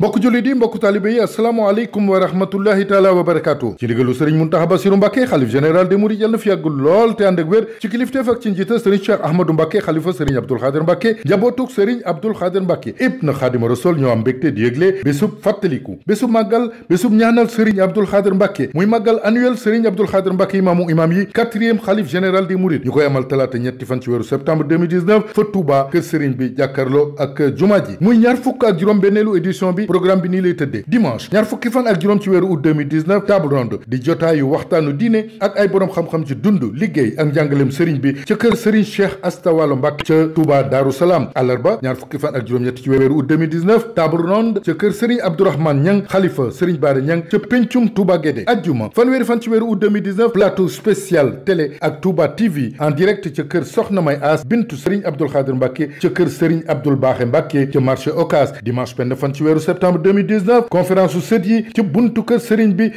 mbokk jullit yi mbokk taalibe yi asalaamaaleykum wa rahmatullahi taala wa barakaatu ci ndigalu sëriñ Muntaxa Basiru Mbàkke xalif général des mourides yàlla na fi yàgg lool te ànd ak wér ci kilifteef ak ci njiita sëriñ Cheikh Ahmadou Mbàkke xalifa sëriñ Abdul Xaadir Mbàkke njabootug sëriñ Abdul Xaadir Mbàkke ibn Xaadima Rasul ñoo am mbégte di yëgle bésub fàttaliku bésub màggal bésub ñaanal sëriñ Abdul Xaadir Mbàkke muy màggal annuel sëriñ Abdul Xaadir Mbàkke fa Tuuba kër sëriñ bi jàkkarloo ak juma ji muy ñaar édition bi bi programme bi nii lay tëddee dimanche ñaar fukki fan ak juróom ci weeru août 2019 table ronde di jotaayu waxtaanu diine ak ay borom xam-xam ci dund liggéey ak njàngaleem sëriñ bi ca kër sëriñ Cheikh Asta Mbàkke ca fukki fan ak juróom-ñett ci weeru août 2019 table ronde ca kër sëriñ Abdourahmane Ñang xalifa sëriñ Baara Ñang ca péncum Touba Guédé ajjuma fanweeri fan ci weeru août 2019 plateau spécial Baaxe Mbàkke ca marché Ocass dimanche benn fan ci weeru septembre 2019 conférence su sët yi ci buntu kër sëriñ bi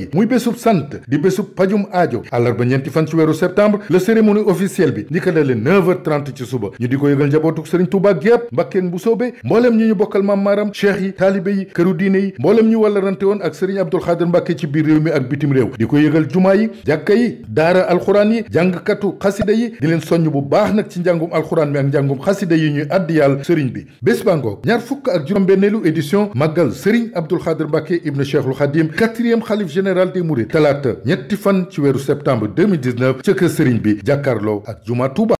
gi muy bésub sant di bésub pajum aajo àllarba ñetti fan weeru septembre la cérémonie officielle bi li ko dalee 9 heures 30 ci suba ñu di ko yëgal njabootuk sëriñ Touba gépp mbàkkeen bu soobee mbooleem ñi ñu bokkal maam maaram cheikh yi taalibe yi këru diine yi mbooleem ñu wala rante woon ak sëriñ Abdul Xaadir Mbàkke ci biir réew mi ak bitim réew di ko yëgal jumaa yi jàkka yi daara alxuraan yi jàngkatu xasida yi di leen soññ bu baax nag ci njàngum alxuraan mi ak njàngum xasida yi ñuy addiyal sëriñ bi bés bangoog ñaar fukk ak juróom-benneelu édition màggal sëriñ Abdul Xaadir Mbàkke ibne Cheikhul Xadim quatrième xalif général des Mourides talaata ñetti fan ci weeru septembre 2019 kër sëriñ bi jàkkaarloo ak juma Tuuba